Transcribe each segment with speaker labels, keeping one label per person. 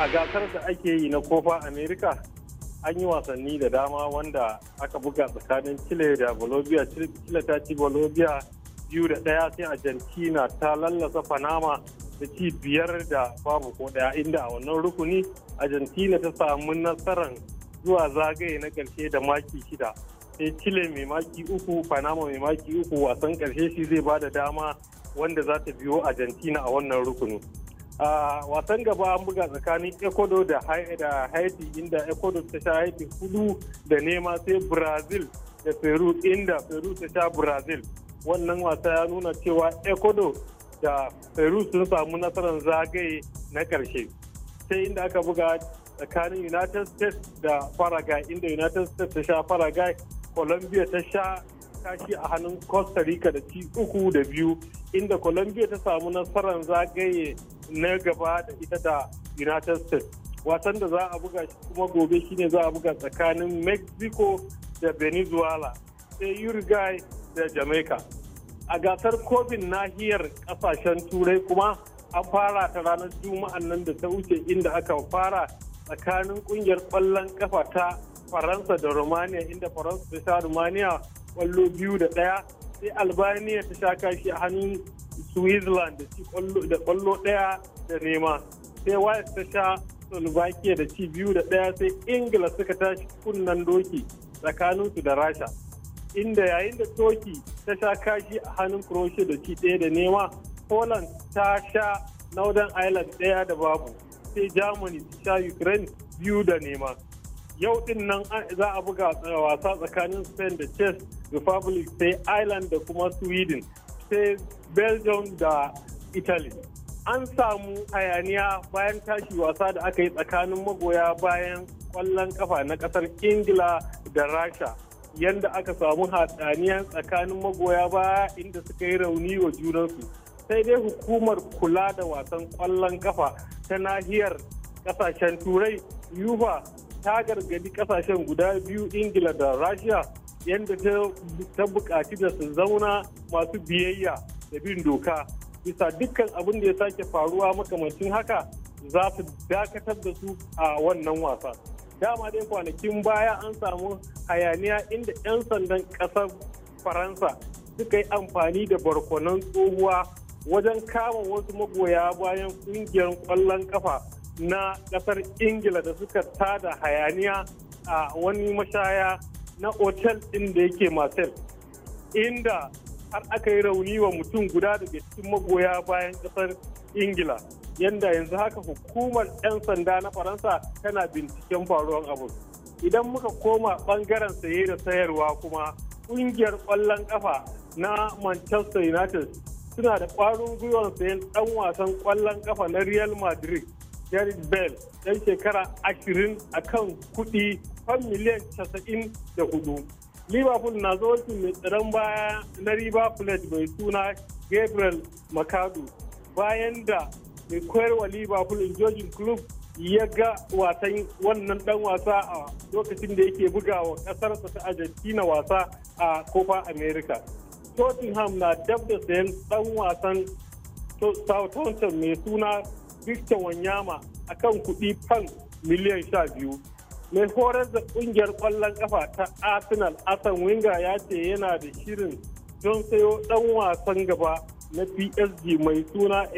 Speaker 1: a gasar da ake yi na kofa america an yi wasanni da dama wanda aka buga tsakanin chile da bolivia chile ta ci bolivia biyu da daya sai argentina ta lallasa panama da ci biyar da babu ko daya inda a wannan rukuni argentina ta samu nasarar zuwa zagaye na ƙarshe da maki shida sai chile mai maki uku panama mai maki uku wasan karshe shi zai ba da dama wanda za ta biyo argentina a wannan rukuni. a wasan gaba an buga tsakanin ecuado da haiti inda ecuador ta sha haiti hudu da nema sai brazil da peru inda peru ta sha brazil wannan wasa ya nuna cewa ecuador da peru sun samu nasarar zagaye na karshe sai inda aka buga tsakanin united states da paraguay inda united states ta sha paraguay colombia ta sha tashi a hannun costa rica da ci uku da biyu inda colombia ta samu nasarar zagaye na gaba da ita da united states wasan da za a buga shi kuma gobe shine za a buga tsakanin mexico da venezuela sai uruguay da jamaica a gasar kofin nahiyar kasashen turai kuma an fara ta ranar juma'an nan da ta wuce inda aka fara tsakanin kungiyar kwallon kafa ta faransa da romania inda faransa ta sha romania kwallo biyu da ɗaya sai albania ta sha kashi a hannun switzerland da kwallo ɗaya da nema sai wales ta sha slovakia da ci biyu da ɗaya sai ingila suka tashi kunnan doki tsakanin su da rasha inda yayin da toki ta sha kashi a hannun croatia da ci ɗaya da nema poland ta sha northern ireland ɗaya da babu sai germany ta sha ukraine biyu da nema yau din nan za a buga eh, wasa tsakanin spain da czech republic sai ireland da kuma sweden sai belgium da italy an samu hayaniya bayan tashi wasa da aka yi tsakanin magoya bayan kwallon kafa na kasar ingila da rasha yadda aka samu hatsaniya tsakanin magoya baya inda suka yi rauni wa junansu sai dai hukumar kula da wasan kwallon kafa ta nahiyar kasashen turai yufa ta gargadi kasashen guda biyu ingila da rasha yadda ta buƙaci da su zauna masu biyayya da bin doka bisa dukkan abin da ya sake faruwa makamancin haka za su dakatar da su a wannan wasa dama dai kwanakin baya an samu hayaniya inda 'yan sandan kasar faransa suka yi amfani da barkonon tsohuwa wajen kama wasu magoya bayan kungiyar kwallon kafa. na kasar ingila da suka tada hayaniya a wani mashaya na otel din da yake marcel inda har aka yi rauni wa mutum guda da cikin magoya bayan kasar ingila yadda yanzu haka hukumar 'yan sanda na faransa tana binciken faruwar abu idan muka koma bangaren saye da sayarwa kuma kungiyar kwallon kafa na manchester united suna da ƙwarin gwiwar sayan ɗan wasan kwallon kafa na real madrid gerrit Bell ɗan shekara ashirin a kan kuɗi kan miliyan casa'in da hudu. Liverpool na zocin mai tsaron baya na riba plate mai suna Gabriel Makadu bayan da mai koyarwa Liverpool Jojin Club ya ga wasan wannan ɗan wasa a lokacin da yake bugawa kasarsa ta Argentina wasa a Copa America. Tottenham na dab da sayan ɗan wasan Southampton mai suna Victor Wanyama a kan kuɗi fan miliyan sha biyu. Mai horar da ƙungiyar ƙwallon ƙafa ta Arsenal Asan Winga ya ce yana da shirin don sayo ɗan wasan gaba na PSG mai suna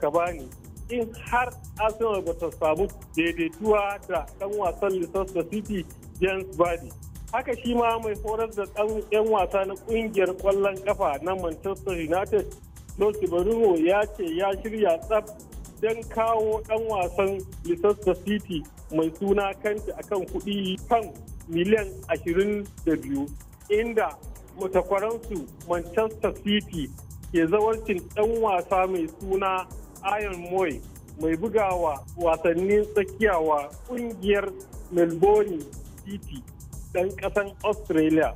Speaker 1: ka bani in har Arsenal ba ta samu daidaituwa da ɗan wasan Leicester City James badi haka shi ma mai horar da ɗan 'yan wasa na ƙungiyar ƙwallon ƙafa na manchester united losi barugo ya ce ya shirya tsaf don kawo ɗan wasan Leicester City mai suna kanti akan kuɗi kan miliyan 22 inda matakwaransu Manchester City ke zawarcin ɗan wasa mai suna Iron Moy mai bugawa wasannin tsakiya wa ƙungiyar Melbourne City ɗan ƙasan Australia.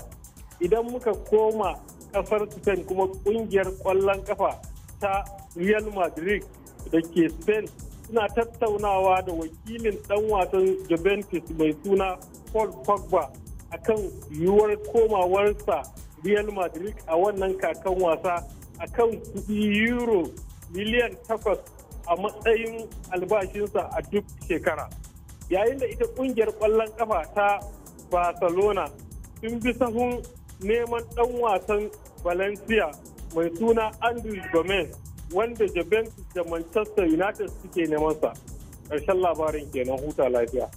Speaker 1: Idan muka koma ƙasar Spain kuma ƙungiyar ƙwallon ƙafa ta Real Madrid da ke spain suna tattaunawa da wakilin dan wasan juventus mai suna paul pogba akan yiwuwar komawarsa real madrid a wannan kakan wasa a kan kudi euro miliyan takwas a matsayin albashinsa a duk shekara yayin da ita kungiyar kwallon kafa ta barcelona sun bi sahun neman dan wasan valencia mai suna andrew gomez wanda Juventus da Manchester United suke neman sa. Ƙarshen labarin kenan huta lafiya.